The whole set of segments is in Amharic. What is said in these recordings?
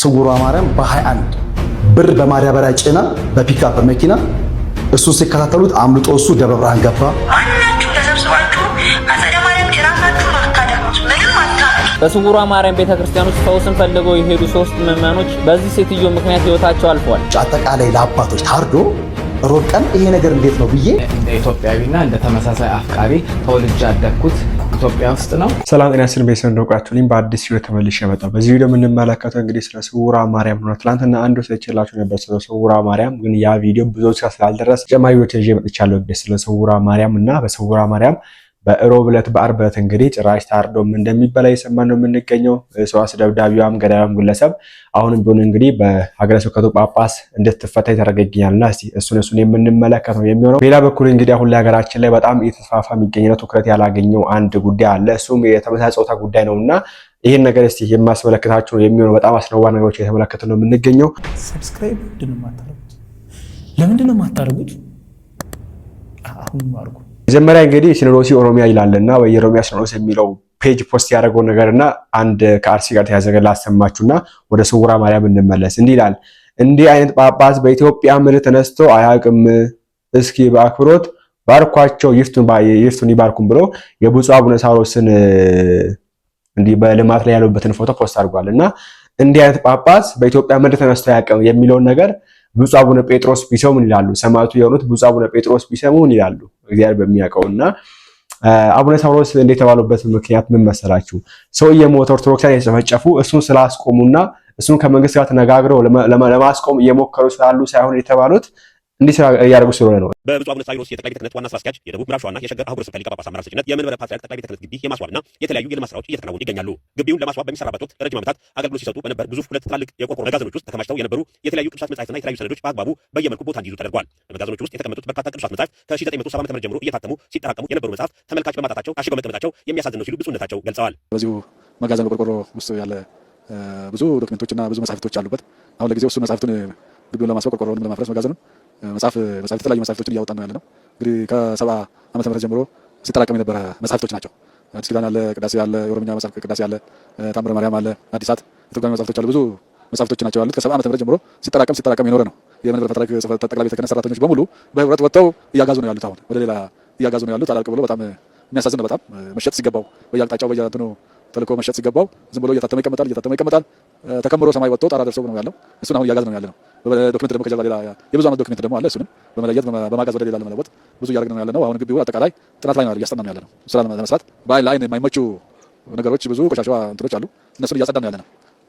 ስውሯ ማርያም በ21 ብር በማዳበሪያ ጭና በፒካፕ መኪና እሱን ሲከታተሉት አምልጦ እሱ ደብረ ብርሃን ገባ። በስውሯ ማርያም ቤተ ክርስቲያን ውስጥ ፈውስን ፈልገው የሄዱ ሶስት ምዕመኖች በዚህ ሴትዮ ምክንያት ህይወታቸው አልፏል። አጠቃላይ ለአባቶች ታርዶ ሮቀን ይሄ ነገር እንዴት ነው ብዬ እንደ ኢትዮጵያዊና እንደ ተመሳሳይ አፍቃሪ ተወልጄ ያደግኩት ኢትዮጵያ ውስጥ ነው። ሰላም ጤና ስን ቤተሰብ እንደውቃችሁልኝ በአዲስ ቪዲዮ ተመልሼ መጣሁ። በዚህ ቪዲዮ የምንመለከተው እንግዲህ ስለ ስውሯ ማርያም ነው። ትናንትና አንዱ ሰችላችሁ ነበር ስለ ስውሯ ማርያም፣ ግን ያ ቪዲዮ ብዙዎች ጋር ስላልደረሰ ተጨማሪ ቪዲዮ ይዤ መጥቻለሁ። ስለ ስውሯ ማርያም እና በስውሯ ማርያም በእሮብ ዕለት በአርብ ዕለት እንግዲህ ጭራሽ ታርዶም እንደሚበላ የሰማን ነው የምንገኘው። ሰዋስ ደብዳቢዋም ገዳዩም ግለሰብ አሁንም ቢሆን እንግዲህ በሀገረ ስብከቱ ጳጳስ እንድትፈታ የተደረገ ይገኛልና እስቲ እሱን እሱን የምንመለከት ነው የሚሆነው። ሌላ በኩል እንግዲህ አሁን ለሀገራችን ላይ በጣም እየተስፋፋ የሚገኘው ትኩረት ያላገኘው አንድ ጉዳይ አለ። እሱም የተመሳሳይ ፆታ ጉዳይ እና ይህን ነገር እስቲ የማስመለከታችሁ ነው የሚሆነው። በጣም አስነዋ ነገሮች የተመለከት ነው የምንገኘው። ሰብስክራይብ ለምንድን ነው የማታደርጉት? አሁን አድርጉ መጀመሪያ እንግዲህ ሲኖዶሲ ኦሮሚያ ይላል እና በየኦሮሚያ ሲኖዶስ የሚለው ፔጅ ፖስት ያደረገው ነገር እና አንድ ከአርሲ ጋር ተያዘ ነገር ላሰማችሁና ወደ ስውራ ማርያም እንመለስ። እንዲህ ይላል፣ እንዲህ አይነት ጳጳስ በኢትዮጵያ ምን ተነስቶ አያውቅም። እስኪ በአክብሮት ባርኳቸው፣ ይፍቱን ይባርኩም ብሎ የብፁዕ አቡነ ሳዊሮስን እንዲህ በልማት ላይ ያሉበትን ፎቶ ፖስት አድርጓል እና እንዲህ አይነት ጳጳስ በኢትዮጵያ ምድር ተነስቶ አያውቅም የሚለውን ነገር ብፁዕ አቡነ ጴጥሮስ ቢሰሙ ምን ይላሉ? ሰማዕቱ የሆኑት ብፁዕ አቡነ ጴጥሮስ ቢሰሙ ይላሉ? እግዚአብሔር በሚያውቀው እና አቡነ ሳዊሮስ እንደተባሉበት ምክንያት ምን መሰላችሁ? ሰው እየሞተ ኦርቶዶክሳን የተጨፈጨፉ እሱን ስላስቆሙና እሱን ከመንግስት ጋር ተነጋግረው ለማስቆም እየሞከሩ ስላሉ ሳይሆን የተባሉት እንዲሰራ ስራ እያደረጉ ስለሆነ ነው። በብፁዕ አቡነ ሳዊሮስ የጠቅላይ ቤተ ክህነት ዋና ስራ አስኪያጅ የደቡብ ምዕራብ ሸዋና የሸገር አህጉረ ስብከት ሊቀ ጳጳስ አመራር ሰጭነት የመንበረ ፓትርያርክ ጠቅላይ ቤተ ክህነት ግቢ የማስዋብና የተለያዩ የልማት ስራዎች እየተከናወኑ ይገኛሉ። ግቢውን ለማስዋብ በሚሰራበት ወቅት ረጅም ዓመታት አገልግሎት ሲሰጡ በነበር ግዙፍ ሁለት ትላልቅ የቆርቆሮ መጋዘኖች ውስጥ ተከማችተው የነበሩ የተለያዩ ቅዱሳት መጻሕፍትና የተለያዩ ሰነዶች በአግባቡ በየመልኩ ቦታ እንዲይዙ ተደርጓል። በመጋዘኖች ውስጥ የተቀመጡት በርካታ ቅዱሳት መጻሕፍት ከ1970 ጀምሮ እየታተሙ ሲጠራቀሙ የነበሩ መጽሐፍት ተመልካች በማጣታቸው አሽገው መቀመጣቸው የሚያሳዝን ነው ሲሉ ብፁዕነታቸው ገልጸዋል። በዚሁ መጋዘን በቆርቆሮ ውስጥ ያለ ብዙ ዶክመንቶችና ብዙ አሉበት። አሁን ለጊዜው ግቢውን ለማስዋብ ለማፍረስ መጋዘኑን መጽሐፍ መጽሐፍ የተለያዩ መጽሐፍቶችን እያወጣን ነው ያለ ነው። እንግዲህ ከሰባ ዓመተ ምህረት ጀምሮ ሲጠራቀም የነበረ መጽሐፍቶች ናቸው። አዲስ ኪዳን አለ፣ ቅዳሴ አለ፣ የኦሮምኛ መጽሐፍ ቅዳሴ አለ፣ ታምረ ማርያም አለ፣ አዲሳት የተጓሚ መጽሐፍቶች አሉ። ብዙ መጽሐፍቶች ናቸው ያሉት። ከሰባ ዓመተ ምህረት ጀምሮ ሲጠራቀም ሲጠራቀም የኖረ ነው። የመንበረ ፓትርያርክ ጽሕፈት ጠቅላይ ቤተ ክህነት ሰራተኞች በሙሉ በህብረት ወጥተው እያጋዙ ነው ያሉት። አሁን ወደ ሌላ እያጋዙ ነው ያሉት። አላልቅ ብሎ በጣም የሚያሳዝን ነው። በጣም መሸጥ ሲገባው በየአቅጣጫው በየእንትኑ ተልኮ መሸጥ ሲገባው ዝም ብሎ እየታተመ ይቀመጣል፣ እየታተመ ይቀመጣል። ተከምሮ ሰማይ ወጥቶ ጣራ ደርሰው ነው ያለው። እሱን አሁን እያጋዝ ነው ያለ ነው። ዶክመንት ደግሞ ከጀርባ ሌላ የብዙ አመት ዶክመንት ደግሞ አለ። እሱንም በመለየት በማጋዝ ወደ ሌላ ለመለወጥ ብዙ እያደረግን ነው ያለ ነው። አሁን ግቢው አጠቃላይ ጥናት ላይ ነው እያስጠናን ያለ ነው። ስራ ለመስራት በአይን ለአይን የማይመቹ ነገሮች ብዙ ቆሻሻ እንትኖች አሉ። እነሱን እያጸዳን ነው ያለ ነው።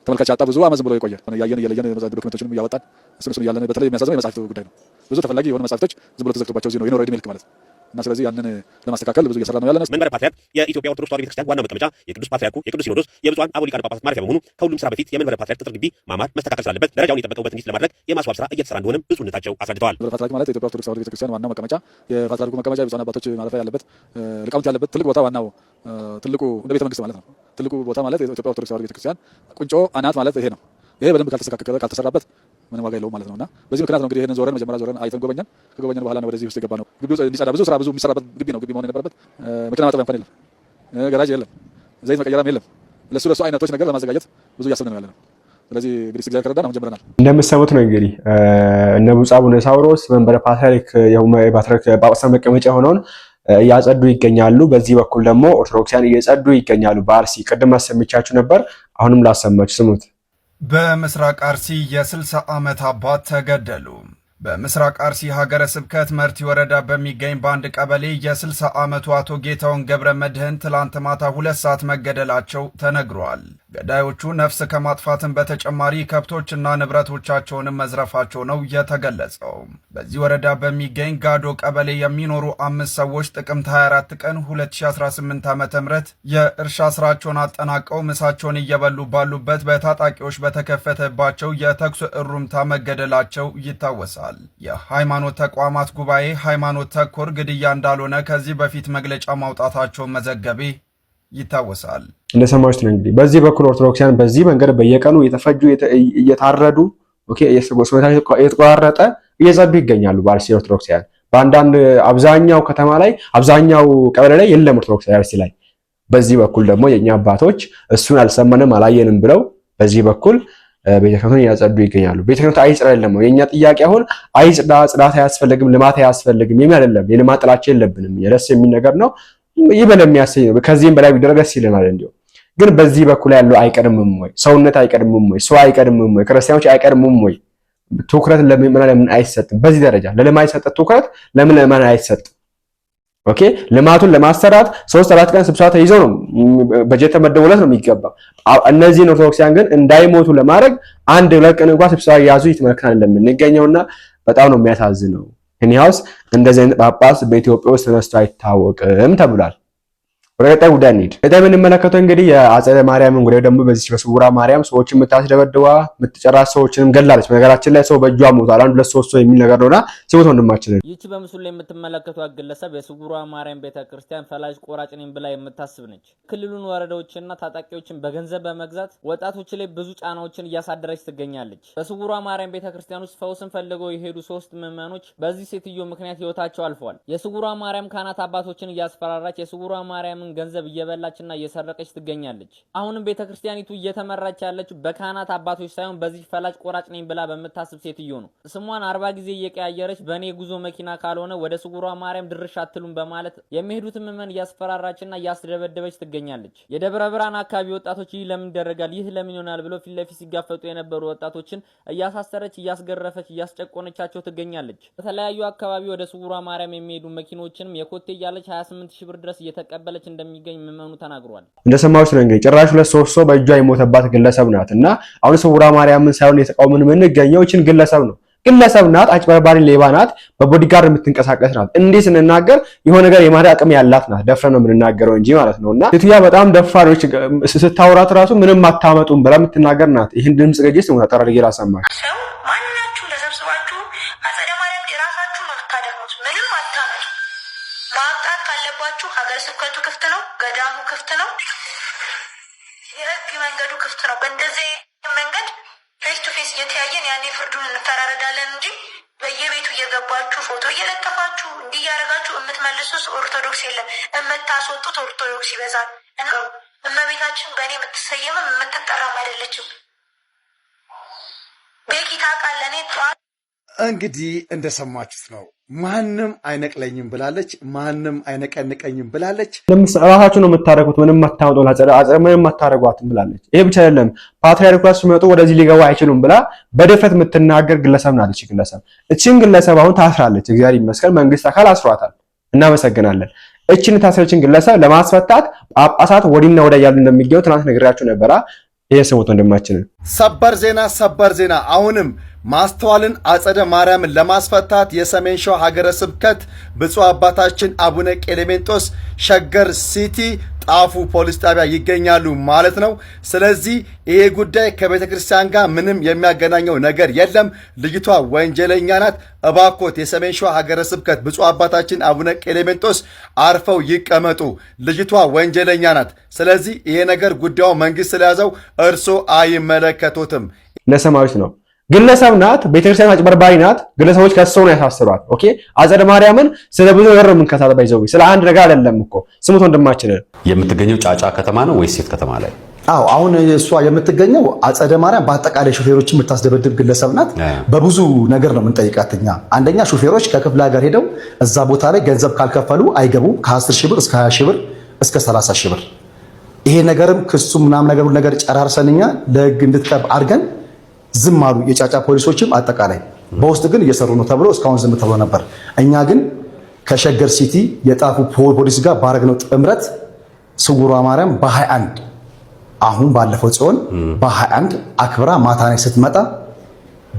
ተመልካች አጣ ብዙ ዓመት ዝም ብሎ የቆየ እያየን እየለየን ዶክመንቶችንም እያወጣን እሱን እሱን እያለን በተለይ የሚያሳዝነው የመጽሐፍት ጉዳይ ነው። ብዙ ተፈላጊ የሆኑ መጽሐፍቶች ዝም ብሎ ተዘግቶባቸው እዚህ ነው የኖረ ዕድሜ ልክ ማለት ነው እና ስለዚህ ያንን ለማስተካከል ብዙ እየሰራ ነው ያለ። መንበረ ፓትርያርክ የኢትዮጵያ ኦርቶዶክስ ተዋሕዶ ቤተክርስቲያን ዋና መቀመጫ፣ የቅዱስ ፓትርያርኩ፣ የቅዱስ ሲኖዶስ፣ የብፁዓን አበው ሊቃነ ጳጳሳት ማረፊያ በመሆኑ ከሁሉም ስራ በፊት የመንበረ ፓትርያርክ ቅጥር ግቢ ማማር መስተካከል ስላለበት ደረጃውን የጠበቀ ውበት እንዲይዝ ለማድረግ የማስዋብ ስራ እየተሰራ እንደሆነም ብፁዕነታቸው አስረድተዋል። መንበረ ፓትርያርክ ማለት የኢትዮጵያ ኦርቶዶክስ ተዋሕዶ ቤተክርስቲያን ዋናው መቀመጫ፣ የፓትርያርኩ መቀመጫ፣ የብፁዓን አባቶች ማረፊያ ያለበት ሊቃውንት ያለበት ትልቅ ቦታ ዋናው ትልቁ እንደ ቤተ መንግስት ማለት ነው። ትልቁ ቦታ ማለት የኢትዮጵያ ኦርቶዶክስ ተዋሕዶ ቤተክርስቲያን ቁንጮ አናት ማለት ይሄ ነው። ይሄ በደንብ ካልተስተካከለ ካልተሰራበት ምንም ዋጋ የለውም ማለት ነው እና በዚህ ምክንያት ነው እንግዲህ ይህንን ዞረን መጀመሪያ ዞረን አይተን ጎበኛን ከጎበኛን በኋላ ነው ወደዚህ ውስጥ የገባ ነው። ግቢ እንዲጸዳ ብዙ ስራ ብዙ የሚሰራበት ግቢ ነው ግቢ መሆን የነበረበት። መኪና ማጠቢያ እንኳን የለም፣ ገራጅ የለም፣ ዘይት መቀየራም የለም። ለሱ ለሱ አይነቶች ነገር ለማዘጋጀት ብዙ እያሰብን ነው ያለ ነው። ስለዚህ እንግዲህ እግዚአብሔር ከረዳን አሁን ጀምረናል። እንደምትሰሙት ነው እንግዲህ እነ ብፁዕ አቡነ ሳዊሮስ መንበረ ፓትርያርክ ጳጳሳት መቀመጫ የሆነውን እያጸዱ ይገኛሉ። በዚህ በኩል ደግሞ ኦርቶዶክሲያን እየጸዱ ይገኛሉ። በአርሲ ቅድም አሰምቻችሁ ነበር፣ አሁንም ላሰማችሁ ስሙት። በምስራቅ አርሲ የ60 ዓመት አባት ተገደሉ። በምስራቅ አርሲ ሀገረ ስብከት መርቲ ወረዳ በሚገኝ በአንድ ቀበሌ የ60 ዓመቱ አቶ ጌታውን ገብረ መድህን ትላንት ማታ ሁለት ሰዓት መገደላቸው ተነግሯል። ገዳዮቹ ነፍስ ከማጥፋትን በተጨማሪ ከብቶችና ንብረቶቻቸውንም መዝረፋቸው ነው የተገለጸው። በዚህ ወረዳ በሚገኝ ጋዶ ቀበሌ የሚኖሩ አምስት ሰዎች ጥቅምት 24 ቀን 2018 ዓ ም የእርሻ ስራቸውን አጠናቀው ምሳቸውን እየበሉ ባሉበት በታጣቂዎች በተከፈተባቸው የተኩስ እሩምታ መገደላቸው ይታወሳል። የሃይማኖት ተቋማት ጉባኤ ሃይማኖት ተኮር ግድያ እንዳልሆነ ከዚህ በፊት መግለጫ ማውጣታቸውን መዘገቤ ይታወሳል። እንደሰማችሁት ነው እንግዲህ በዚህ በኩል ኦርቶዶክሲያን በዚህ መንገድ በየቀኑ እየተፈጁ እየታረዱ የተቆራረጠ እየዘቡ ይገኛሉ። በአርሲ ኦርቶዶክሲያን በአንዳንድ አብዛኛው ከተማ ላይ አብዛኛው ቀበሌ ላይ የለም ኦርቶዶክስ አርሲ ላይ። በዚህ በኩል ደግሞ የእኛ አባቶች እሱን አልሰማንም አላየንም ብለው በዚህ በኩል ቤተክህነቱን እያጸዱ ይገኛሉ። ቤተክህነቱ አይጽዳ የለም ነው የእኛ ጥያቄ። አሁን አይጽዳ ጽዳት አያስፈልግም፣ ልማት አያስፈልግም የሚል አይደለም። የልማት ጥላቸው የለብንም። የደስ የሚል ነገር ነው። ይበል የሚያሰኝ ነው። ከዚህም በላይ ቢደረግ ደስ ይለናል። እንዲሁም ግን በዚህ በኩል ያለው አይቀድምም ወይ? ሰውነት አይቀድምም ወይ? ሰው አይቀድምም ወይ? ክርስቲያኖች አይቀድምም ወይ? ትኩረት ለምዕመናን ለምን አይሰጥም? በዚህ ደረጃ ለልማት የሰጠ ትኩረት ለምን ለምዕመናን አይሰጥም? ኦኬ ልማቱን ለማሰራት ሶስት አራት ቀን ስብሰባ ተይዘው ነው በጀት ተመደቡለት ነው የሚገባ። እነዚህን ኦርቶዶክሲያን ግን እንዳይሞቱ ለማድረግ አንድ ሁለት ቀን እንኳን ስብሰባ ያዙ እየተመለከትን ለምንገኘውና በጣም ነው የሚያሳዝነው። ሄኒያውስ እንደዚህ አይነት ጳጳስ በኢትዮጵያ ውስጥ ተነስቶ አይታወቅም ተብሏል። ወደ ቀጣይ ጉዳይ እንሂድ። ቀጣይ የምንመለከተው እንግዲህ የአጸደ ማርያምን ጉዳይ ደግሞ በዚህ በስውራ ማርያም ሰዎችን የምታስደበድባ የምትጨራት ሰዎችንም ገላለች። በነገራችን ላይ ሰው በእጇ ሞቷል፣ አንድ ሁለት ሶስት ሰው የሚል ነገር ነውና ሲሞት ወንድማችንን ይቺ በምስሉ ላይ የምትመለከቷት ግለሰብ የስውራ ማርያም ቤተክርስቲያን ፈላጅ ቆራጭ ነኝ ብላ የምታስብ ነች። ክልሉን ወረዳዎችንና ታጣቂዎችን በገንዘብ በመግዛት ወጣቶች ላይ ብዙ ጫናዎችን እያሳደረች ትገኛለች። በስውራ ማርያም ቤተክርስቲያን ውስጥ ፈውስን ፈልገው የሄዱ ሶስት ምዕመኖች በዚህ ሴትዮ ምክንያት ህይወታቸው አልፏል። የስውራ ማርያም ካህናት አባቶችን እያስፈራራች የስውራ ማርያም የምዕመናኑን ገንዘብ እየበላችና እየሰረቀች ትገኛለች። አሁንም ቤተ ክርስቲያኒቱ እየተመራች ያለችው በካህናት አባቶች ሳይሆን በዚህ ፈላጭ ቆራጭ ነኝ ብላ በምታስብ ሴትዮ ነው። ስሟን አርባ ጊዜ እየቀያየረች በእኔ ጉዞ መኪና ካልሆነ ወደ ስጉሯ ማርያም ድርሽ አትሉም በማለት የሚሄዱትን ምዕመን እያስፈራራችና እያስደበደበች ትገኛለች። የደብረ ብርሃን አካባቢ ወጣቶች ይህ ለምን ይደረጋል? ይህ ለምን ይሆናል? ብሎ ፊት ለፊት ሲጋፈጡ የነበሩ ወጣቶችን እያሳሰረች፣ እያስገረፈች፣ እያስጨቆነቻቸው ትገኛለች። በተለያዩ አካባቢ ወደ ስጉሯ ማርያም የሚሄዱ መኪኖችንም የኮቴ እያለች 28 ሺ ብር ድረስ እየተቀበለች እንደሚገኝ ምዕመኑ ተናግሯል። እንደሰማችሁት ነው እንግዲህ ጭራሽ ሁለት ሶስት ሰው በእጇ የሞተባት ግለሰብ ናት እና አሁን ስውራ ማርያምን ሳይሆን የተቃውምን የምንገኘው ይችን ግለሰብ ነው ግለሰብ ናት። አጭበርባሪ ሌባ ናት። በቦዲጋርድ የምትንቀሳቀስ ናት። እንዲህ ስንናገር የሆነ ነገር የማዳ አቅም ያላት ናት። ደፍረ ነው የምንናገረው እንጂ ማለት ነው። እና ሴትዮዋ በጣም ደፋሪዎች ስታወራት ራሱ ምንም አታመጡም ብላ የምትናገር ናት። ይህን ድምፅ ገጅስ ስሙ ጠራርጌ ላሰማል ስብከቱ ክፍት ነው፣ ገዳሙ ክፍት ነው፣ የህግ መንገዱ ክፍት ነው። በእንደዚህ መንገድ ፌስ ቱ ፌስ እየተያየን ያኔ ፍርዱን እንፈራረዳለን እንጂ በየቤቱ እየገባችሁ ፎቶ እየለጠፋችሁ እንዲህ እያደረጋችሁ የምትመልሱት ኦርቶዶክስ የለም፣ የምታስወጡት ኦርቶዶክስ ይበዛል። እመቤታችን በእኔ የምትሰየምም የምትጠራም አይደለችም። ቤኪ ታውቃለህ እኔ ጠዋት እንግዲህ እንደሰማችሁት ነው። ማንም አይነቅለኝም ብላለች። ማንም አይነቀንቀኝም ብላለች። ራሳችሁ ነው የምታደረጉት፣ ምንም አታመጡም፣ አጸደ ምንም ማታደረጓትም ብላለች። ይሄ ብቻ አይደለም፣ ፓትሪያርኳ ሲመጡ ወደዚህ ሊገባ አይችሉም ብላ በድፍረት የምትናገር ግለሰብ ናለች። ግለሰብ እችን ግለሰብ አሁን ታስራለች። እግዚአብሔር ይመስገን፣ መንግስት አካል አስሯታል። እናመሰግናለን። እችን የታሰረችን ግለሰብ ለማስፈታት ጳጳሳት ወዲና ወዲያ እያሉ እንደሚገቡ ትናንት ነግራችሁ ነበራ። ይሄ ስሙት ወንድማችንን ሰበር ዜና ሰበር ዜና አሁንም ማስተዋልን አጸደ ማርያምን ለማስፈታት የሰሜን ሸዋ ሀገረ ስብከት ብፁዕ አባታችን አቡነ ቄሌሜንጦስ ሸገር ሲቲ ጣፉ ፖሊስ ጣቢያ ይገኛሉ ማለት ነው። ስለዚህ ይሄ ጉዳይ ከቤተ ክርስቲያን ጋር ምንም የሚያገናኘው ነገር የለም። ልጅቷ ወንጀለኛ ናት። እባኮት የሰሜን ሸዋ ሀገረ ስብከት ብፁዕ አባታችን አቡነ ቄሌሜንጦስ አርፈው ይቀመጡ። ልጅቷ ወንጀለኛ ናት። ስለዚህ ይሄ ነገር ጉዳዩ መንግስት ስለያዘው እርሶ አይመለ አይመለከቱትም። ለሰማዊት ነው። ግለሰብ ናት። ቤተክርስቲያን አጭበርባሪ ናት። ግለሰቦች ከሰው ነው ያሳስሯት። ኦኬ አጸደ ማርያምን ስለ ብዙ ነገር ነው የምንከታተል። ባይዘው ስለ አንድ ነገር አይደለም እኮ ስሙት ወንድማችን። የምትገኘው ጫጫ ከተማ ነው ወይስ ሴት ከተማ ላይ? አዎ አሁን እሷ የምትገኘው አጸደ ማርያም በአጠቃላይ ሾፌሮችን የምታስደበድብ ግለሰብ ናት። በብዙ ነገር ነው የምንጠይቃት እኛ። አንደኛ ሾፌሮች ከክፍለ ሀገር ሄደው እዛ ቦታ ላይ ገንዘብ ካልከፈሉ አይገቡም። ከ10 ሺህ ብር እስከ 20 ሺህ ብር እስከ 30 ሺህ ብር ይሄ ነገርም ክሱ ምናምን ነገር ነገር ጨራርሰንኛ ለህግ እንድትቀርብ አድርገን ዝም አሉ። የጫጫ ፖሊሶችም አጠቃላይ በውስጥ ግን እየሰሩ ነው ተብሎ እስካሁን ዝም ተብሎ ነበር። እኛ ግን ከሸገር ሲቲ የጣፉ ፖሊስ ጋር ባረግነው ጥምረት ስውሯ ማርያም በ21 አሁን ባለፈው ጽዮን በ21 አክብራ ማታ ላይ ስትመጣ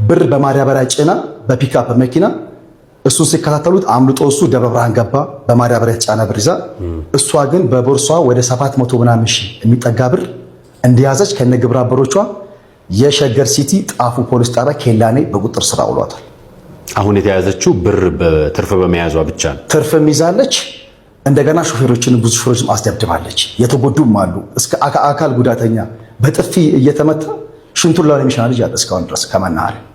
ብር በማዳበሪያ ጭና በፒካፕ መኪና እሱን ሲከታተሉት አምልጦ እሱ ደብረ ብርሃን ገባ በማዳበሪያ የተጫነ ብር ይዛ፣ እሷ ግን በቦርሷ ወደ 700 ምናምን ሺህ የሚጠጋ ብር እንደያዘች ከነ ግብረ አበሮቿ የሸገር ሲቲ ጣፉ ፖሊስ ጣቢያ ኬላኔ በቁጥር ስራ አውሏታል። አሁን የተያዘችው ብር ትርፍ በመያዟ ብቻ ነው። ትርፍም ይዛለች። እንደገና ሾፌሮችን ብዙ ሾፌሮችም አስደብድባለች። የተጎዱም አሉ። እስከ አካል ጉዳተኛ በጥፊ እየተመታ ሽንቱን ላን የሚሻና ልጅ ያለ እስካሁን ድረስ ከመናኸሪያ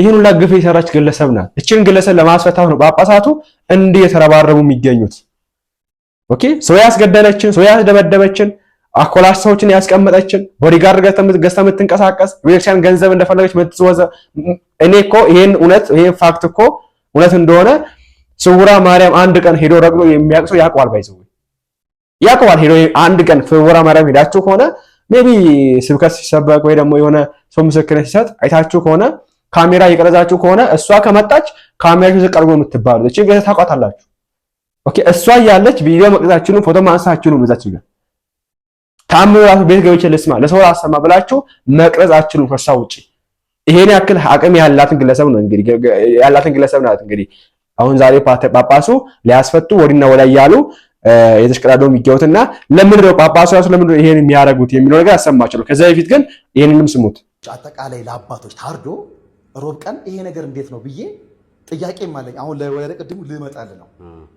ይህን ሁላ ግፍ የሰራች ግለሰብ ናት። እችን ግለሰብ ለማስፈታት ነው ጳጳሳቱ እንዲህ የተረባረቡ የሚገኙት። ኦኬ ሰው ያስገደለችን፣ ሰው ያስደበደበችን፣ አኮላሽ ሰዎችን ያስቀመጠችን፣ ቦዲጋርድ ገዝታ የምትንቀሳቀስ ቤተክርስቲያን ገንዘብ እንደፈለገች ምትወዘ እኔ እኮ ይሄን እውነት ይሄን ፋክት እኮ እውነት እንደሆነ ስውራ ማርያም አንድ ቀን ሄዶ ረግሎ የሚያቅሰው ያውቀዋል። ባይዘው ያውቀዋል። ሄዶ አንድ ቀን ስውራ ማርያም ሄዳችሁ ከሆነ ሜቢ ስብከት ሲሰበክ ወይ ደግሞ የሆነ ሰው ምስክርነት ሲሰጥ አይታችሁ ከሆነ ካሜራ እየቀረጻችሁ ከሆነ እሷ ከመጣች ካሜራችሁ ዝቅ አድርጎ የምትባሉት እቺ ገና ታውቃታላችሁ። ኦኬ እሷ እያለች ቪዲዮ መቅረጻችሁንም ፎቶ ማንሳችሁንም በዛች ጋር ታምሩ ራሱ ቤት ገብቼ ልስማ ለሰው አሰማ ብላችሁ መቅረጻችሁንም ከእሷ ውጪ ይሄን ያክል አቅም ያላትን ግለሰብ ነው እንግዲህ ያላትን ግለሰብ ናት እንግዲህ አሁን ዛሬ ጳጳሱ ሊያስፈቱ ወዲና ወላ እያሉ የተሽቀዳዶ የሚገቡትና ለምንድን ነው ጳጳሱ ራሱ ለምንድን ነው ይሄን የሚያደርጉት የሚለው ነገር አሰማችሁ ነው። ከዛ በፊት ግን ይሄንንም ስሙት። አጠቃላይ ለአባቶች ታርዶ ሮብ ቀን ይሄ ነገር እንዴት ነው ብዬ ጥያቄ አለኝ። አሁን ወደ ቅድሙ ልመጣል ነው።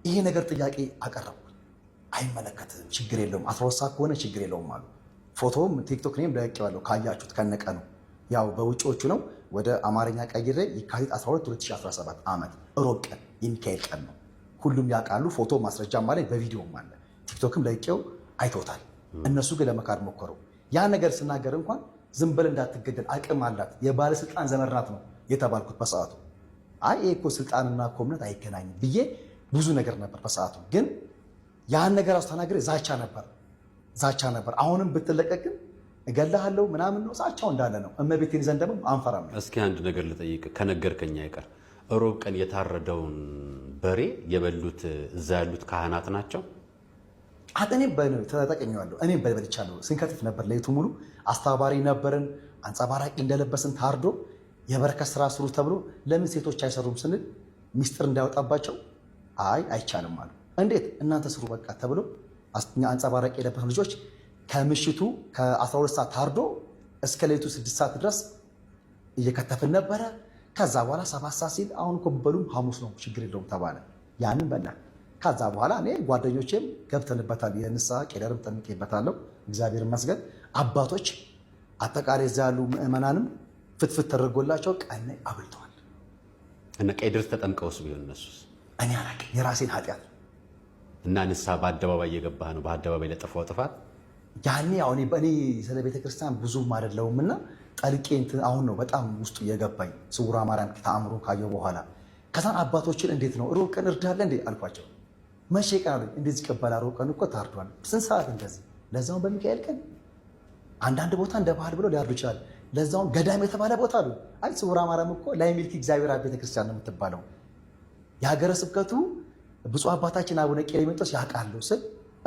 ይሄ ነገር ጥያቄ አቀረቡ። አይመለከትም፣ ችግር የለውም፣ 12 ከሆነ ችግር የለውም አሉ። ፎቶም ቲክቶክ ላይም ለቄዋለሁ፣ ካያችሁት ከነቀ ነው። ያው በውጭዎቹ ነው ወደ አማርኛ ቀይሬ የካቲት 12 2017 ዓመት ሮብ ቀን የሚካኤል ቀን ነው። ሁሉም ያውቃሉ። ፎቶ ማስረጃ አለኝ፣ በቪዲዮም አለ። ቲክቶክም ለቄው አይቶታል። እነሱ ግን ለመካድ ሞከሩ። ያ ነገር ስናገር እንኳን ዝም እንዳትገደል አቅም አላት የባለስልጣን ዘመድ ነው የተባልኩት በሰዓቱ። አይ ይሄ እኮ ስልጣንና እኮ እምነት አይገናኝም ብዬ ብዙ ነገር ነበር በሰዓቱ። ግን ያን ነገር አስተናግሬ ዛቻ ነበር ዛቻ ነበር። አሁንም ብትለቀቅን እገልሃለሁ ምናምን ነው ዛቻው እንዳለ ነው። እመቤቴን ይዘን ደግሞ አንፈራም። እስኪ አንድ ነገር ልጠይቅ ከነገርከኝ አይቀር ሮብ ቀን የታረደውን በሬ የበሉት እዛ ያሉት ካህናት ናቸው? እኔ ተጠቅሜዋለሁ። እኔ በልቻለሁ። ስንከትፍ ነበር ለይቱ ሙሉ አስተባባሪ ነበርን። አንጸባራቂ እንደለበስን ታርዶ የበረከት ስራ ስሩ ተብሎ ለምን ሴቶች አይሰሩም ስንል ሚስጥር እንዳያወጣባቸው አይ አይቻልም አሉ። እንዴት እናንተ ስሩ በቃ ተብሎ አንጸባራቂ የለበሱ ልጆች ከምሽቱ ከ12 ሰዓት ታርዶ እስከ ሌቱ 6 ሰዓት ድረስ እየከተፍን ነበረ። ከዛ በኋላ ሰባት ሰዓት ሲል አሁን በሉም ሐሙስ ነው ችግር የለውም ተባለ። ያንን በላ ከዛ በኋላ እኔ ጓደኞቼም ገብተንበታል። የንስሐ ቄደርም ጠምቄበታለሁ። እግዚአብሔር ይመስገን። አባቶች አጠቃላይ እዛ ያሉ ምዕመናንም ፍትፍት ተደርጎላቸው ቀናይ አብልተዋል እና ቄደር ተጠምቀውስ ቢሆን እነሱ እኔ አላውቅም። የራሴን ኃጢአት እና ንስሐ በአደባባይ እየገባህ ነው። በአደባባይ ለጠፋው ጥፋት ያኔ አሁን በእኔ ስለ ቤተክርስቲያን ብዙም አይደለሁም እና ጠልቄ አሁን ነው በጣም ውስጡ እየገባኝ ስውራ ማርያም ተአምሮ ካየው በኋላ ከዛን አባቶችን እንዴት ነው ሩብ እርዳለ እንዴ አልኳቸው። መቼ ቀን እንደዚህ ይቀበል አርብ ቀን እኮ ታርዷል። ስንት ሰዓት እንደዚህ ለዛውን በሚካኤል ቀን አንዳንድ ቦታ እንደ ባህል ብሎ ሊያርዱ ይችላል። ለዛውን ገዳም የተባለ ቦታ አሉ። አይ ስውራ ማርያም እኮ ላይ ሚልክ እግዚአብሔር አብ ቤተክርስቲያን ነው የምትባለው። የሀገረ ስብከቱ ብፁ አባታችን አቡነ ቄሬሜንጦስ ያውቃሉ ስል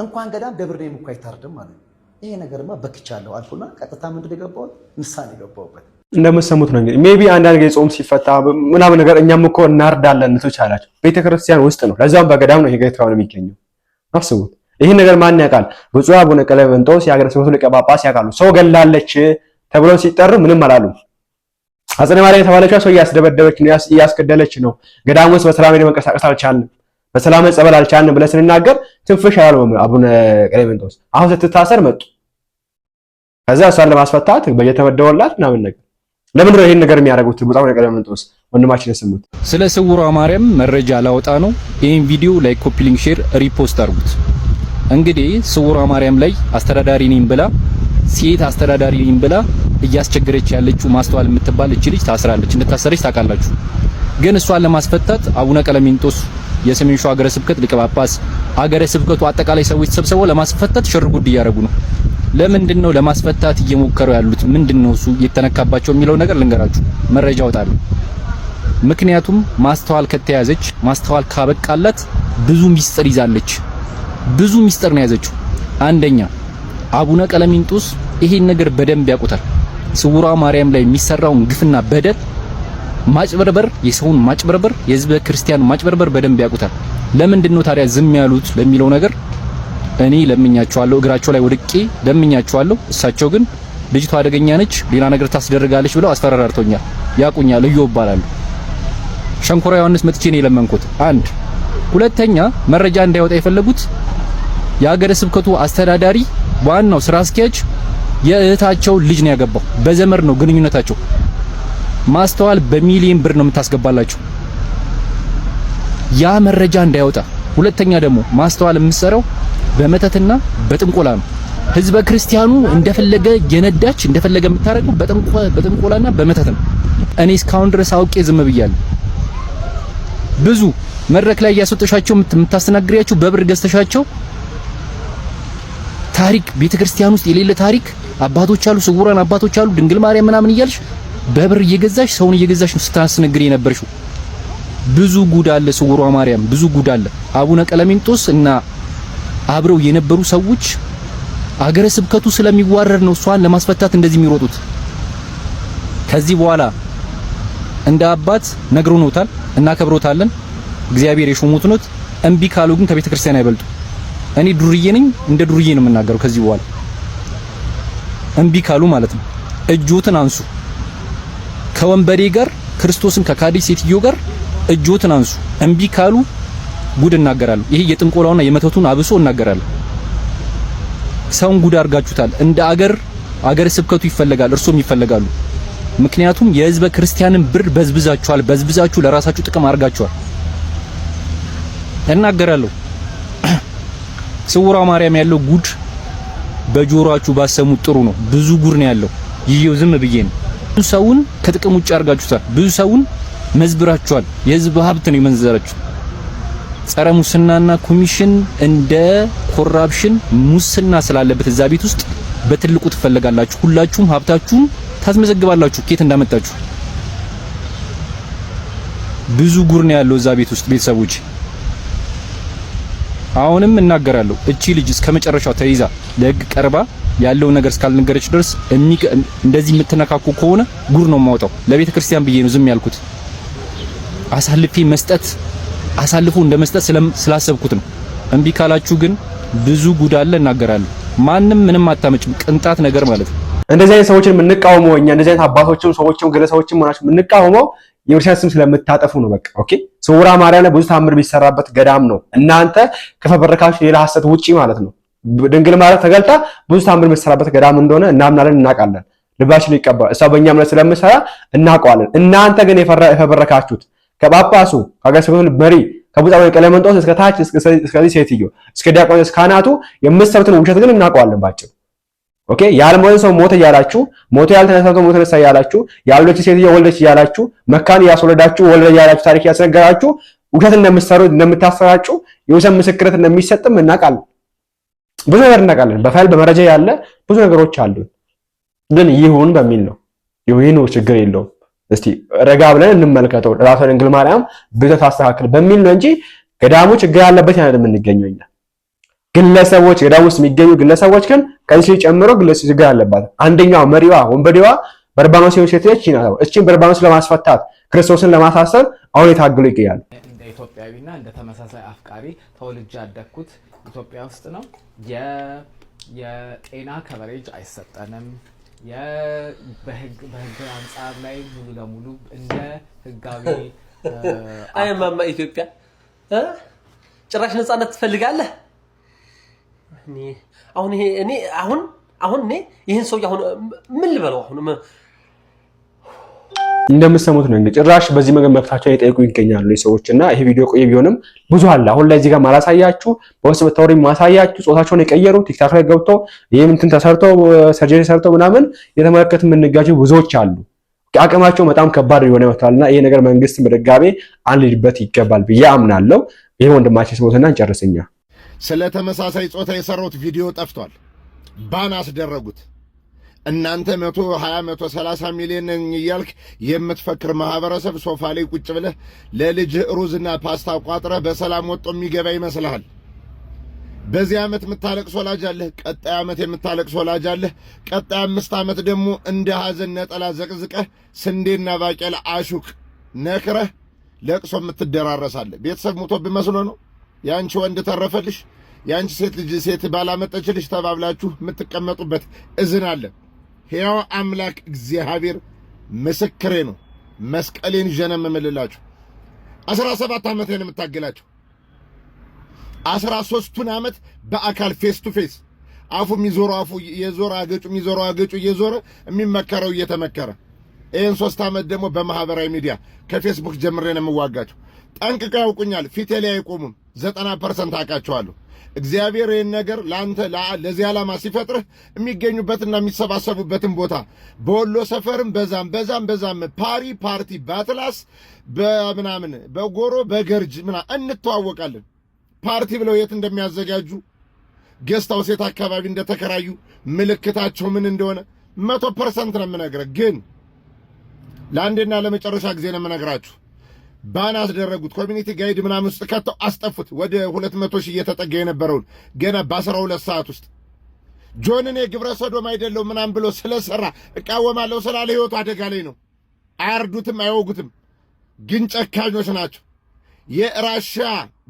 እንኳን ገዳም ደብር ነው እኮ አይታርድም አለ። ይሄ ነገርማ በክቻለሁ አልኩና ቀጥታ ምንድን የገባሁት ንሳን የገባሁበት እንደምትሰሙት ነው። እንግዲህ ሜቢ አንዳንድ ጊዜ ጾም ሲፈታ ምናምን ነገር እኛም እኮ እናርዳለን። እህቶች አላቸው ቤተክርስቲያን ውስጥ ነው፣ ለዛም በገዳም ነው ኤርትራው የሚገኘው። አስቡት ይህን ነገር ማን ያውቃል? ብፁዕ አቡነ ቀለመንጦስ የሀገረ ስብከቱ ሊቀ ጳጳስ ያውቃሉ። ሰው ገላለች ተብሎ ሲጠሩ ምንም አላሉ። አጽነ ማርያም የተባለች ሰው እያስደበደበች ነው፣ እያስገደለች ነው፣ ገዳም ውስጥ በሰላም ሄደን መንቀሳቀስ አልቻልንም፣ በሰላም መጸበል አልቻልንም ብለን ስንናገር ትንፍሽ አላሉ አቡነ ቀለመንጦስ። አሁን ስትታሰር መጡ። ከዛ እሷን ለማስፈታት በጀት ተመደበላት ምናምን ነገር ለምን ነው ይሄን ነገር የሚያደርጉት? በጣም ቀደም መንጦስ ወንድማችን የሰሙት ስለ ስውሯ ማርያም መረጃ ላወጣ ነው። ይሄን ቪዲዮ ላይ ኮፒ ሊንክ፣ ሼር፣ ሪፖስት አድርጉት። እንግዲህ ስውሯ ማርያም ላይ አስተዳዳሪ ነኝ ብላ ሴት አስተዳዳሪ ነኝ ብላ እያስቸገረች ያለችው ማስተዋል የምትባል እቺ ልጅ ታስራለች። እንደታሰረች ታውቃላችሁ። ግን እሷን ለማስፈታት አቡነ ቀለሜንጦስ የሰሜን ሸዋ ሀገረ ስብከት ሊቀ ጳጳስ ሀገረ ስብከቱ አጠቃላይ ሰዎች ሰብስበው ለማስፈታት ሽርጉድ እያደረጉ ነው። ለምንድን ነው ለማስፈታት እየሞከሩ ያሉት? ምንድን ነው እሱ እየተነካባቸው የሚለው ነገር ልንገራችሁ፣ መረጃ አወጣለሁ። ምክንያቱም ማስተዋል ከተያዘች ማስተዋል ካበቃላት ብዙ ሚስጥር ይዛለች። ብዙ ሚስጥር ነው ያዘችው አንደኛ አቡነ ቀለሚንጦስ ይሄን ነገር በደንብ ያውቁታል። ስውሯ ማርያም ላይ የሚሰራውን ግፍና በደል ማጭበርበር፣ የሰውን ማጭበርበር፣ የህዝበ ክርስቲያን ማጭበርበር በደንብ ያውቁታል። ለምንድን ነው ታዲያ ዝም ያሉት ለሚለው ነገር እኔ ለምኛቸዋለሁ፣ እግራቸው ላይ ወድቄ ለምኛቸዋለሁ። እሳቸው ግን ልጅቷ አደገኛ ነች፣ ሌላ ነገር ታስደርጋለች ብለው አስፈራራርቶኛል። ያቁኛል፣ ልዩ ይባላሉ። ሸንኮራ ዮሐንስ መጥቼ ነው የለመንኩት። አንድ ሁለተኛ መረጃ እንዳይወጣ የፈለጉት የሀገረ ስብከቱ አስተዳዳሪ ዋናው ስራ አስኪያጅ የእህታቸው ልጅ ነው ያገባው። በዘመር ነው ግንኙነታቸው። ማስተዋል በሚሊዮን ብር ነው የምታስገባላቸው። ያ መረጃ እንዳይወጣ። ሁለተኛ ደግሞ ማስተዋል የምትሰራው በመተትና በጥንቆላ ነው። ህዝበ ክርስቲያኑ እንደፈለገ የነዳች እንደፈለገ በጥንቆላ በጥንቆላና በመተት ነው። እኔ እስካሁን ድረስ አውቄ ዝም ብያለሁ። ብዙ መድረክ ላይ እያስወጠሻቸው የምታስተናግሪያቸው በብር ገዝተሻቸው ታሪክ ቤተክርስቲያን ውስጥ የሌለ ታሪክ አባቶች አሉ፣ ስውራን አባቶች አሉ፣ ድንግል ማርያም ምናምን እያልሽ በብር እየገዛሽ ሰውን እየገዛሽ ነው ስታስነግሪ የነበርሽው። ብዙ ጉድ አለ፣ ስውሯ ማርያም ብዙ ጉድ አለ። አቡነ ቀለሚንጦስ። እና አብረው የነበሩ ሰዎች አገረ ስብከቱ ስለሚዋረድ ነው እሷን ለማስፈታት እንደዚህ የሚሮጡት። ከዚህ በኋላ እንደ አባት ነግሮኖታል፣ እናከብሮታለን። እግዚአብሔር የሾሙት ኖት። እምቢ ካሉ ግን ከቤተ ክርስቲያን አይበልጡ። እኔ ዱርዬ ነኝ፣ እንደ ዱርዬ ነው የምናገረው። ከዚህ በኋላ እምቢ ካሉ ማለት ነው። እጆትን አንሱ። ከወንበዴ ጋር ክርስቶስን ከካዴ ሴትዮ ጋር እጆትን አንሱ። እምቢ ካሉ ጉድ እናገራለሁ። ይሄ የጥንቆላውና የመተቱን አብሶ እናገራለሁ። ሰውን ጉድ አድርጋችሁታል። እንደ አገር አገር ስብከቱ ይፈለጋል፣ እርሱም ይፈለጋሉ። ምክንያቱም የህዝበ ክርስቲያንን ብር በዝብዛችኋል፣ በዝብዛችሁ ለራሳችሁ ጥቅም አድርጋችኋል። እናገራለሁ። ስውሯ ማርያም ያለው ጉድ በጆሮአችሁ ባሰሙት ጥሩ ነው። ብዙ ጉድ ነው ያለው። ይየው ዝም ብዬ ነው። ብዙ ሰውን ከጥቅም ውጭ አድርጋችሁታል። ብዙ ሰውን መዝብራችኋል። የህዝብ ሀብት ነው የመንዘራችሁ። ጸረ ሙስናና ኮሚሽን እንደ ኮራፕሽን ሙስና ስላለበት እዛ ቤት ውስጥ በትልቁ ትፈለጋላችሁ። ሁላችሁም ሀብታችሁም ታስመዘግባላችሁ። ኬት እንዳመጣችሁ ብዙ ጉር ነው ያለው እዛ ቤት ውስጥ ቤተሰቦች። አሁንም እናገራለሁ፣ እቺ ልጅ እስከ መጨረሻው ተይዛ ለህግ ቀርባ ያለው ነገር እስካልነገረች ድረስ እንደዚህ የምትነካኩ ከሆነ ጉር ነው የማወጣው። ለቤተ ክርስቲያን ብዬ ነው ዝም ያልኩት። አሳልፌ መስጠት አሳልፎ እንደመስጠት ስላሰብኩት ነው። እምቢ ካላችሁ ግን ብዙ ጉዳ አለ እናገራለሁ። ማንም ምንም አታመጭም፣ ቅንጣት ነገር ማለት ነው። እንደዚህ አይነት ሰዎችን የምንቃወመው እኛ እንደዚህ አይነት አባቶችም ሰዎችም ግለሰቦችም ሆናችሁ የምንቃወመው የቤተክርስቲያን ስም ስለምታጠፉ ነው። በቃ ኦኬ። ስውራ ማርያም ላይ ብዙ ታምር የሚሰራበት ገዳም ነው። እናንተ ከፈበረካችሁ ሌላ ሀሰት ውጪ ማለት ነው። ድንግል ማርያም ተገልጣ ብዙ ታምር የሚሰራበት ገዳም እንደሆነ እናምናለን፣ እናውቃለን። ልባችን ይቀባ እሷ በእኛ እምነት ስለምሰራ እናውቀዋለን። እናንተ ግን የፈበረካችሁት ከጳጳሱ ከገሰበል መሪ ከቡፃ ቀለመንጦስ እስከ ታች እስከዚህ ሴትዮ እስከ ዲያቆን እስከ ካህናቱ የምትሰሩትን ውሸት ግን እናውቀዋለን ባጭሩ። ኦኬ ያልሞተ ሰው ሞተ እያላችሁ ሞተ ያልተነሳ ሰው ሞተ ተነሳ እያላችሁ ያልወለደች ሴትዮ ወለደች እያላችሁ መካን እያስወለዳችሁ ወለደ እያላችሁ ታሪክ እያስነገራችሁ ውሸት እንደምትሰሩ እንደምታሰራጩ የውሸት ምስክርነት እንደሚሰጥም እናውቃለን። ብዙ ነገር እናውቃለን። በፋይል በመረጃ ያለ ብዙ ነገሮች አሉ። ግን ይሁን በሚል ነው። ይሁን ችግር የለውም። እስቲ ረጋ ብለን እንመልከተው። ራሷን ድንግል ማርያም ብዘት አስተካክል በሚል ነው እንጂ ገዳሙ ችግር ያለበት ያን የምንገኘው እኛ ግለሰቦች፣ ገዳሙ ውስጥ የሚገኙ ግለሰቦች ግን ከዚህ ጨምሮ ግለሰብ ችግር ያለባት አንደኛው መሪዋ ወንበዴዋ በርባኖስ የሆነች ሴት ልጅ ናት። እቺን በርባኖስ ለማስፈታት ክርስቶስን ለማሳሰር አሁን የታገሉ ይገኛሉ። እንደ ኢትዮጵያዊና እንደ ተመሳሳይ አፍቃሪ ተወልጅ ያደግኩት ኢትዮጵያ ውስጥ ነው። የጤና ከበሬጅ አይሰጠንም። በህግ አንጻር ላይ ሙሉ ለሙሉ እንደ ህጋዊ አያማማ ኢትዮጵያ ጭራሽ ነፃነት ትፈልጋለህ? አሁን ይሄ እኔ አሁን አሁን እኔ ይህን ሰው አሁን ምን ልበለው አሁን እንደምትሰሙት ነው እንግዲህ ጭራሽ በዚህ መንገድ መብታቸውን የጠየቁ ይገኛሉ ሰዎች እና ይሄ ቪዲዮ ቆየ ቢሆንም ብዙ አለ። አሁን ላይ እዚህ ጋር ማላሳያችሁ፣ በውስጥ ብታወሪ ማሳያችሁ ጾታቸውን የቀየሩ ቲክታክ ላይ ገብተው ይህም እንትን ተሰርተው ሰርጀሪ ሰርተው ምናምን የተመለከት የምንጋቸው ብዙዎች አሉ። አቅማቸው በጣም ከባድ የሆነ ይወታል እና ይሄ ነገር መንግስትን በድጋሜ አንልጅበት ይገባል ብዬ አምናለሁ። ይህ ወንድማችን ስሞትና እንጨርስኛ ስለ ተመሳሳይ ጾታ የሰሩት ቪዲዮ ጠፍቷል። ባን አስደረጉት። እናንተ መቶ ሀያ መቶ ሰላሳ ሚሊዮን ነኝ እያልክ የምትፈክር ማህበረሰብ ሶፋ ላይ ቁጭ ብለህ ለልጅህ ሩዝና ፓስታ ቋጥረህ በሰላም ወጦ የሚገባ ይመስልሃል? በዚህ ዓመት የምታለቅስ ወላጅ አለህ። ቀጣይ ዓመት የምታለቅስ ወላጅ አለህ። ቀጣይ አምስት ዓመት ደግሞ እንደ ሐዘን ነጠላ ዘቅዝቀህ ስንዴና ባቄላ አሹቅ ነክረህ ለቅሶ የምትደራረሳለህ። ቤተሰብ ሙቶ መስሎ ነው የአንቺ ወንድ ተረፈልሽ፣ የአንቺ ሴት ልጅ ሴት ባላመጠችልሽ ተባብላችሁ የምትቀመጡበት እዝን አለን። ሕያው አምላክ እግዚአብሔር ምስክሬ ነው። መስቀሌን ይዤ ነው የምምልላችሁ። አስራ ሰባት ዓመት ነው የምታገላቸው። አስራ ሦስቱን ዓመት በአካል ፌስ ቱ ፌስ አፉ የሚዞረው አፉ የዞረ አገጩ የሚዞረው አገጩ እየዞረ የሚመከረው እየተመከረ ይህን ሶስት ዓመት ደግሞ በማኅበራዊ ሚዲያ ከፌስቡክ ጀምሬ ነው የምዋጋቸው። ጠንቅቀው ያውቁኛል። ፊቴ ላይ አይቆሙም። ዘጠና ፐርሰንት አውቃቸዋለሁ። እግዚአብሔር ይህን ነገር ለአንተ ለዚህ ዓላማ ሲፈጥርህ የሚገኙበትና የሚሰባሰቡበትን ቦታ በወሎ ሰፈርም በዛም በዛም በዛም ፓሪ ፓርቲ በአትላስ በምናምን በጎሮ በገርጅ ምና እንተዋወቃለን። ፓርቲ ብለው የት እንደሚያዘጋጁ ገስታው ሴት አካባቢ እንደተከራዩ ምልክታቸው ምን እንደሆነ መቶ ፐርሰንት ነው የምነግረህ። ግን ለአንዴና ለመጨረሻ ጊዜ ነው የምነግራችሁ ባን አስደረጉት። ኮሚኒቲ ጋይድ ምናምን ውስጥ ከተው አስጠፉት። ወደ ሁለት መቶ ሺህ እየተጠጋ የነበረውን ገና በአስራ ሁለት ሰዓት ውስጥ ጆንን የግብረ ሰዶም አይደለው ምናምን ብሎ ስለሰራ እቃወማለሁ ስላለ ህይወቱ አደጋ ላይ ነው። አያርዱትም፣ አይወጉትም፣ ግን ጨካኞች ናቸው። የራሻ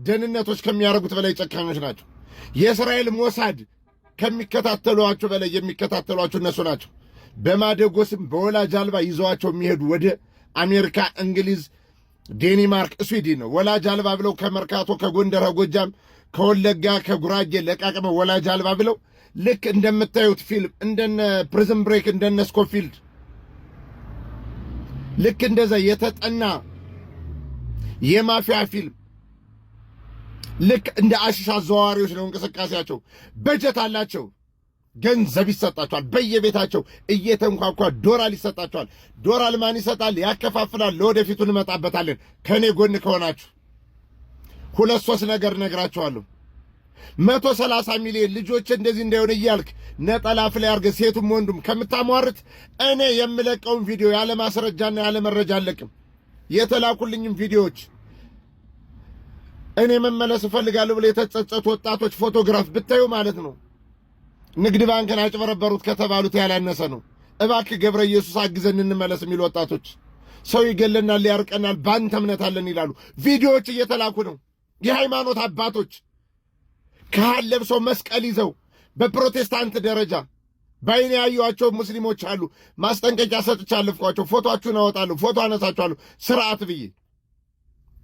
ደህንነቶች ከሚያደርጉት በላይ ጨካኞች ናቸው። የእስራኤል ሞሳድ ከሚከታተሏቸው በላይ የሚከታተሏቸው እነሱ ናቸው። በማደጎ ስም በወላጅ አልባ ይዘዋቸው የሚሄዱ ወደ አሜሪካ፣ እንግሊዝ ዴኒማርክ፣ ስዊድን ነው። ወላጅ አልባ ብለው ከመርካቶ ከጎንደር፣ ከጎጃም፣ ከወለጋ፣ ከጉራጌ ለቃቅመ ወላጅ አልባ ብለው ልክ እንደምታዩት ፊልም እንደነ ፕሪዝን ብሬክ እንደነ ስኮፊልድ ልክ እንደዛ የተጠና የማፊያ ፊልም ልክ እንደ አሽሽ አዘዋዋሪዎች ነው እንቅስቃሴያቸው። በጀት አላቸው። ገንዘብ ይሰጣቸዋል። በየቤታቸው እየተንኳኳ ዶራል ይሰጣቸዋል። ዶራል ማን ይሰጣል? ያከፋፍላል። ለወደፊቱ እንመጣበታለን። ከእኔ ጎን ከሆናችሁ ሁለት ሶስት ነገር እነግራችኋለሁ። መቶ ሰላሳ ሚሊዮን ልጆች እንደዚህ እንዳይሆን እያልክ ነጠላ ፍላይ አርገ ሴቱም ወንዱም ከምታሟርት እኔ የምለቀውን ቪዲዮ ያለ ማስረጃና ያለ መረጃ አለቅም። የተላኩልኝም ቪዲዮዎች እኔ መመለስ እፈልጋለሁ ብለ የተጸጸቱ ወጣቶች ፎቶግራፍ ብታዩ ማለት ነው ንግድ ባንክን አጭበረበሩት ከተባሉት ያላነሰ ነው። እባክ ገብረ ኢየሱስ አግዘን እንመለስ የሚሉ ወጣቶች ሰው ይገለናል፣ ያርቀናል፣ ባንተ እምነት አለን ይላሉ። ቪዲዮዎች እየተላኩ ነው። የሃይማኖት አባቶች ካህን ለብሰው መስቀል ይዘው በፕሮቴስታንት ደረጃ በዓይኔ ያዩዋቸው ሙስሊሞች አሉ። ማስጠንቀቂያ ሰጥቼ አለፍኳቸው። ፎቶችሁን አወጣለሁ፣ ፎቶ አነሳችኋለሁ። ስርዓት ብዬ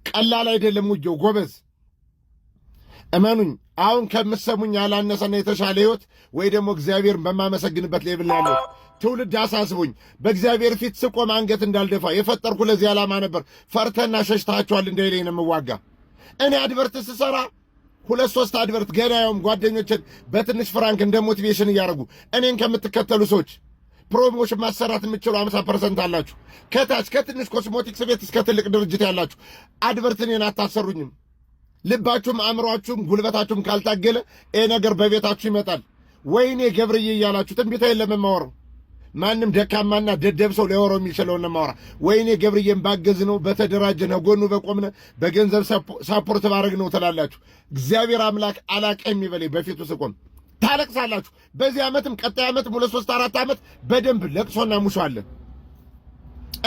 ቀላል አይደለም ውጌው ጎበዝ፣ እመኑኝ። አሁን ከምትሰሙኝ ያላነሰና የተሻለ ህይወት ወይ ደግሞ እግዚአብሔር በማመሰግንበት ሌብል ያለሁ ትውልድ አሳስቡኝ። በእግዚአብሔር ፊት ስቆም አንገት እንዳልደፋ የፈጠርኩ ለዚህ ዓላማ ነበር። ፈርተና ሸሽታችኋል እንዳይለኝ ነው የምዋጋ። እኔ አድቨርት ስሰራ ሁለት ሶስት አድቨርት ገና ያውም ጓደኞችን በትንሽ ፍራንክ እንደ ሞቲቬሽን እያደረጉ እኔን ከምትከተሉ ሰዎች ፕሮሞሽን ማሰራት የምችሉ አምሳ ፐርሰንት አላችሁ። ከታች ከትንሽ ኮስሞቲክስ ቤት እስከ ትልቅ ድርጅት ያላችሁ አድቨርት እኔን አታሰሩኝም። ልባችሁም አእምሯችሁም ጉልበታችሁም ካልታገለ ይህ ነገር በቤታችሁ ይመጣል። ወይኔ ገብርዬ እያላችሁ ትንቢታ የለም የማወራው ማንም ደካማና ደደብ ሰው ሊያወራው የሚችለውን ማወራ። ወይኔ ገብርዬን ባገዝ ነው በተደራጀ ነው ጎኑ በቆምነ በገንዘብ ሳፖርት ባረግ ነው ትላላችሁ። እግዚአብሔር አምላክ አላቀ ይበለኝ። በፊቱ ስቆም ታለቅሳላችሁ። በዚህ ዓመትም ቀጣይ ዓመትም ሁለት ሶስት አራት ዓመት በደንብ ለቅሶና ሙሾ አለን።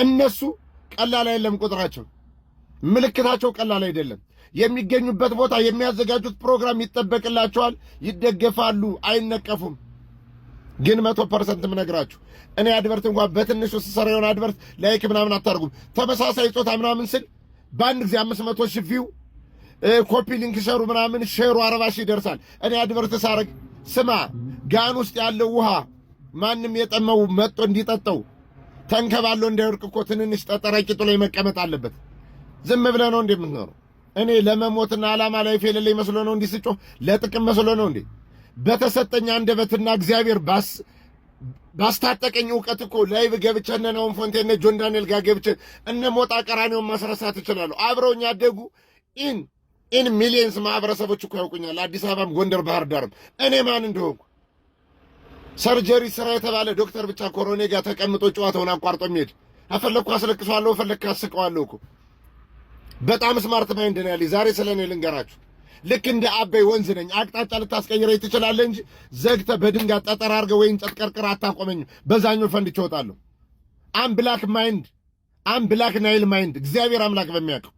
እነሱ ቀላል አይደለም ቁጥራቸው፣ ምልክታቸው ቀላል አይደለም። የሚገኙበት ቦታ የሚያዘጋጁት ፕሮግራም ይጠበቅላቸዋል፣ ይደገፋሉ፣ አይነቀፉም። ግን መቶ ፐርሰንት ምነግራችሁ እኔ አድቨርት እንኳን በትንሹ ስሰራ የሆነ አድቨርት ላይክ ምናምን አታርጉም። ተመሳሳይ ጾታ ምናምን ስል በአንድ ጊዜ አምስት መቶ ሺህ ቪው ኮፒ ሊንክ ሸሩ ምናምን ሸሩ አርባ ሺህ ይደርሳል። እኔ አድቨርት ሳረግ ስማ ጋን ውስጥ ያለው ውሃ ማንም የጠመው መጦ እንዲጠጠው ተንከባሎ እንዳይወርቅ እኮ ትንንሽ ጠጠራ ቂጡ ላይ መቀመጥ አለበት። ዝም ብለህ ነው እንደምትኖረው። እኔ ለመሞትና ዓላማ ላይፍ የሌለኝ መስሎ ነው እንዲህ ስጮህ ለጥቅም መስሎ ነው እንዴ? በተሰጠኝ አንደበትና እግዚአብሔር ባስታጠቀኝ እውቀት እኮ ላይቭ ገብቼ እነ ናሆም ፎንቴ እነ ጆን ዳንኤል ጋር ገብቼ እነ ሞጣ ቀራኔውን ማስረሳት እችላለሁ። አብረውኝ ያደጉ ኢን ኢን ሚሊየንስ ማህበረሰቦች እኮ ያውቁኛል። አዲስ አበባም፣ ጎንደር፣ ባህር ዳርም እኔ ማን እንደሆንኩ ሰርጀሪ ስራ የተባለ ዶክተር ብቻ ኮሮኔ ጋር ተቀምጦ ጨዋታውን አቋርጦ የሚሄድ አፈለግኩ አስለቅሰዋለሁ፣ ፈለግ አስቀዋለሁ እኮ በጣም ስማርት ማይንድ ነው ያለኝ። ዛሬ ስለ እኔ ልንገራችሁ። ልክ እንደ አበይ ወንዝ ነኝ። አቅጣጫ ልታስቀይረኝ ትችላለህ እንጂ ዘግተ በድንጋይ ጠጠር አርገ ወይም ጨትቀርቅር አታቆመኝም። በዛኛው ፈንድቼ እወጣለሁ። አም ብላክ ማይንድ አም ብላክ ናይል ማይንድ እግዚአብሔር አምላክ በሚያውቀው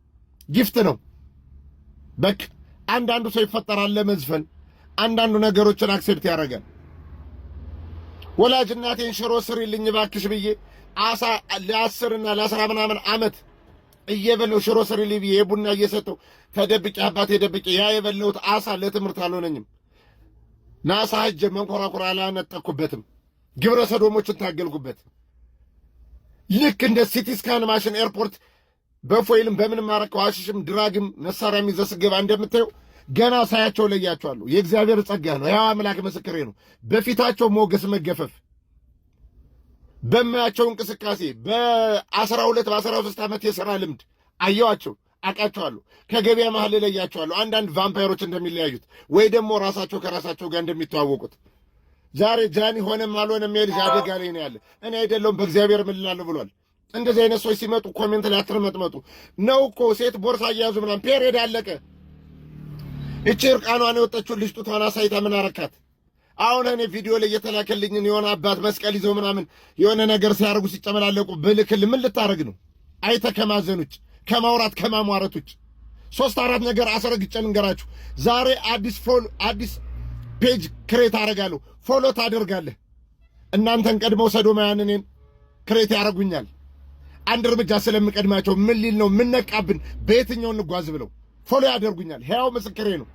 ጊፍት ነው። በክ አንዳንዱ ሰው ይፈጠራል ለመዝፈን፣ አንዳንዱ ነገሮችን አክሴፕት ያደርጋል። ወላጅ እናቴን ሽሮ ስሪልኝ ባክሽ ብዬ አሳ ለአስርና ለአስራ ምናምን አመት። እየበለው ሽሮ ስሪልኝ ብዬ ቡና እየሰጠው ተደብቄ አባቴ ደብቄ ያ የበለውት አሳ ለትምህርት አልሆነኝም። ናሳ ሂጄ መንኮራኩር አላነጠኩበትም ግብረ ሰዶሞችን ታገልኩበት። ልክ እንደ ሲቲስካን ማሽን ኤርፖርት በፎይልም በምን ማረቀው አሽሽም ድራግም መሳሪያም ይዘህ ስገባ እንደምታየው ገና ሳያቸው ለያቸዋለሁ። የእግዚአብሔር ጸጋ ነው። ያው አምላክ ምስክሬ ነው። በፊታቸው ሞገስ መገፈፍ በማያቸው እንቅስቃሴ በአስራ ሁለት በአስራ ሶስት ዓመት የሥራ ልምድ አየዋቸው፣ አውቃቸዋለሁ፣ ከገበያ መሀል እለያቸዋለሁ። አንዳንድ ቫምፓየሮች እንደሚለያዩት ወይ ደግሞ ራሳቸው ከራሳቸው ጋር እንደሚተዋወቁት ዛሬ ጃኒ ሆነም አልሆነም የልጅ አደጋ ላይ ነው ያለ። እኔ አይደለሁም በእግዚአብሔር ምልላለሁ ብሏል። እንደዚህ አይነት ሰዎች ሲመጡ ኮሜንት ላይ አትርመጥመጡ። ነው እኮ ሴት ቦርሳ እያያዙ ምናምን ፔሬድ አለቀ። እቺ እርቃኗን የወጣችውን ልጅ ጡቷን አሳይታ ምን አረካት? አሁን እኔ ቪዲዮ ላይ እየተላከልኝን የሆነ አባት መስቀል ይዘው ምናምን የሆነ ነገር ሲያደርጉ ሲጨመላለቁ ብልክል ምን ልታደርግ ነው? አይተ ከማዘኖች ከማውራት ከማሟረቶች ሶስት አራት ነገር አስረግጬ ልንገራችሁ። ዛሬ አዲስ ፎሎ አዲስ ፔጅ ክሬት አደርጋለሁ። ፎሎ ታደርጋለህ። እናንተን ቀድመው ሰዶማውያን እኔን ክሬት ያደርጉኛል። አንድ እርምጃ ስለምቀድማቸው ምን ሊል ነው? ምን ነቃብን? በየትኛው እንጓዝ ብለው ፎሎ ያደርጉኛል። ሕያው ምስክሬ ነው።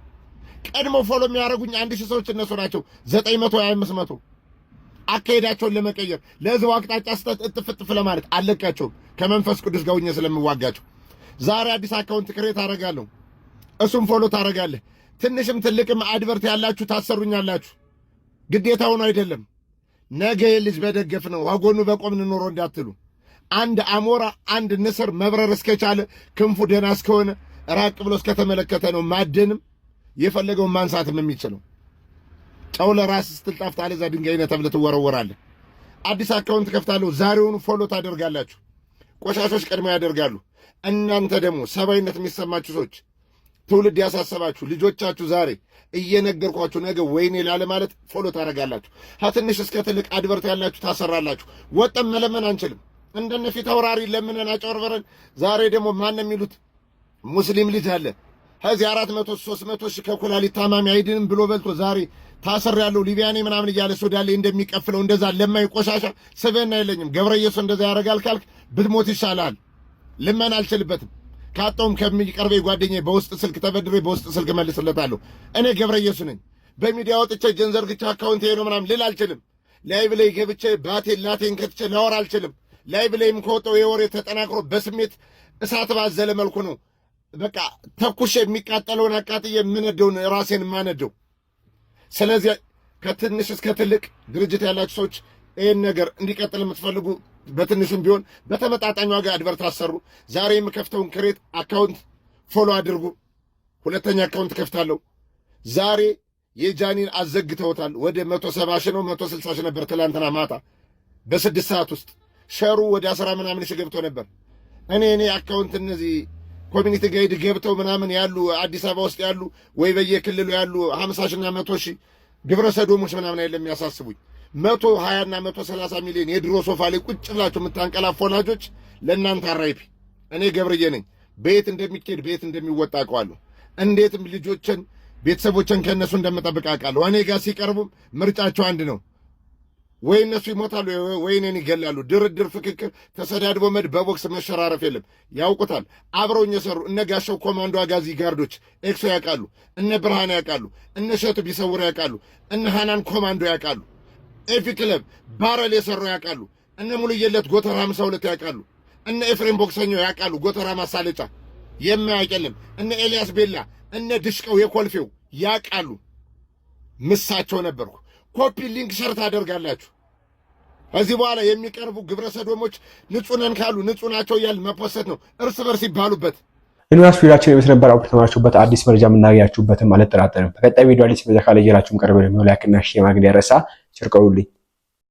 ቀድሞ ፎሎ የሚያደርጉኝ አንድ ሺህ ሰዎች እነሱ ናቸው። ዘጠኝ መቶ አምስት መቶ አካሄዳቸውን ለመቀየር ለህዝቡ አቅጣጫ ስህተት እጥፍጥፍ ለማለት አለቃቸውም ከመንፈስ ቅዱስ ጋር ሁኜ ስለምዋጋቸው ዛሬ አዲስ አካውንት ክሬት አደርጋለሁ። እሱም ፎሎ ታደርጋለህ። ትንሽም ትልቅም አድቨርት ያላችሁ ታሰሩኛላችሁ። ግዴታ ሆኖ አይደለም። ነገ ልጅ በደገፍ ነው ዋጎኑ በቆምን ኖሮ እንዳትሉ አንድ አሞራ አንድ ንስር መብረር እስከቻለ ክንፉ ደህና እስከሆነ ራቅ ብሎ እስከተመለከተ ነው ማደንም የፈለገውን ማንሳትም የሚችለው ጨው ለራስ ስትል ጣፍጣለህ፣ እዛ ድንጋይ ነህ ተብለህ ትወረወራለህ። አዲስ አካውንት ከፍታለሁ፣ ዛሬውን ፎሎ ታደርጋላችሁ። ቆሻሾች ቀድሞ ያደርጋሉ። እናንተ ደግሞ ሰብአዊነት የሚሰማችሁ ሰዎች፣ ትውልድ ያሳሰባችሁ ልጆቻችሁ ዛሬ እየነገርኳችሁ ነገ ወይኔ ላለ ማለት ፎሎ ታደርጋላችሁ። ከትንሽ እስከ ትልቅ አድበርት ያላችሁ ታሰራላችሁ። ወጠን መለመን አንችልም። እንደነ ፊት አውራሪ ለምነን አጨርበረን ዛሬ ደግሞ ማን የሚሉት ሙስሊም ልጅ አለ ከዚህ አራት መቶ ሶስት መቶ ሺህ ከኩላሊት ታማሚ አይድንም ብሎ በልቶ ዛሬ ታሰር ያለው ሊቢያኔ ምናምን እያለ ሱዳን እንደሚቀፍለው እንደዛ ለማይ ቆሻሻ ስብህና የለኝም። ገብረ ኢየሱስ እንደዛ ያደርጋል ካልክ ብትሞት ይሻላል። ልመን አልችልበትም። ካጣውም ከሚቀርበኝ ጓደኛ በውስጥ ስልክ ተበድሬ በውስጥ ስልክ መልስለታለሁ። እኔ ገብረ ኢየሱስ ነኝ። በሚዲያ ወጥቼ ጀንዘርግቻ አካውንቴ ሄዶ ምናምን ልል አልችልም። ላይ ላይ ገብቼ ባቴን ላቴን ከትቼ ላወር አልችልም። ላይ ላይም ከወጣው የወሬ ተጠናክሮ በስሜት እሳት ባዘለ መልኩ ነው በቃ ተኩሽ የሚቃጠለውን አቃጥዬ የምነደውን ራሴን ማነደው። ስለዚህ ከትንሽ እስከ ትልቅ ድርጅት ያላችሁ ሰዎች ይህን ነገር እንዲቀጥል የምትፈልጉ በትንሽም ቢሆን በተመጣጣኝ ዋጋ አድቨርት አሰሩ። ዛሬ የምከፍተውን ክሬት አካውንት ፎሎ አድርጉ። ሁለተኛ አካውንት ከፍታለሁ ዛሬ የጃኒን አዘግተውታል። ወደ መቶ ሰባ ሺህ ነው መቶ ስልሳ ሺህ ነበር ትላንትና ማታ በስድስት ሰዓት ውስጥ ሸሩ ወደ አስራ ምናምን ሺህ ገብቶ ነበር። እኔ እኔ አካውንት እነዚህ ኮሚኒቲ ጋይድ ገብተው ምናምን ያሉ አዲስ አበባ ውስጥ ያሉ ወይ በየክልሉ ያሉ ሀምሳ ሺና መቶ ሺ ግብረ ሰዶሞች ምናምን አይደለም የሚያሳስቡኝ መቶ ሀያና መቶ ሰላሳ ሚሊዮን የድሮ ሶፋ ላይ ቁጭ ብላችሁ የምታንቀላፍ ወላጆች ለእናንተ አራይፒ። እኔ ገብርዬ ነኝ። በየት እንደሚኬድ በየት እንደሚወጣ አውቀዋለሁ። እንዴትም ልጆችን ቤተሰቦችን ከእነሱ እንደምጠብቅ አውቃለሁ። እኔ ጋር ሲቀርቡም ምርጫቸው አንድ ነው። ወይ እነሱ ይሞታሉ ወይ እኔን ይገላሉ። ድርድር፣ ፍክክር፣ ተሰዳድቦ መድ በቦክስ መሸራረፍ የለም። ያውቁታል። አብረውኝ የሰሩ እነ ጋሻው ኮማንዶ አጋዚ ጋርዶች ኤክሶ ያውቃሉ። እነ ብርሃን ያውቃሉ። እነ ሸቱ ቢሰውር ያውቃሉ። እነ ሃናን ኮማንዶ ያውቃሉ። ኤፊ ክለብ ባረል የሰሩ ያውቃሉ። እነ ሙሉየለት ጎተራ ሃምሳ ሁለት ያውቃሉ። እነ ኤፍሬም ቦክሰኞ ያውቃሉ። ጎተራ ማሳለጫ የማያቀልም እነ ኤልያስ ቤላ እነ ድሽቀው የኮልፌው ያውቃሉ። ምሳቸው ነበርኩ። ኮፒ ሊንክ ሸር ታደርጋላችሁ። ከዚህ በኋላ የሚቀርቡ ግብረሰዶሞች ንጹህ ነን ካሉ ንጹህ ናቸው እያል መፖሰት ነው፣ እርስ በርስ ይባሉበት። እንዋስ ቪዲዮችን የምትነበር ነበር ተማራችሁበት አዲስ መረጃ የምናገኛችሁበትም አልጠራጠርም። በቀጣይ ቪዲዮ አዲስ መረጃ ካለየላችሁም ቀርበ ላይክና ሼር ማግኘት ያረሳ ቸር ቆዩልኝ።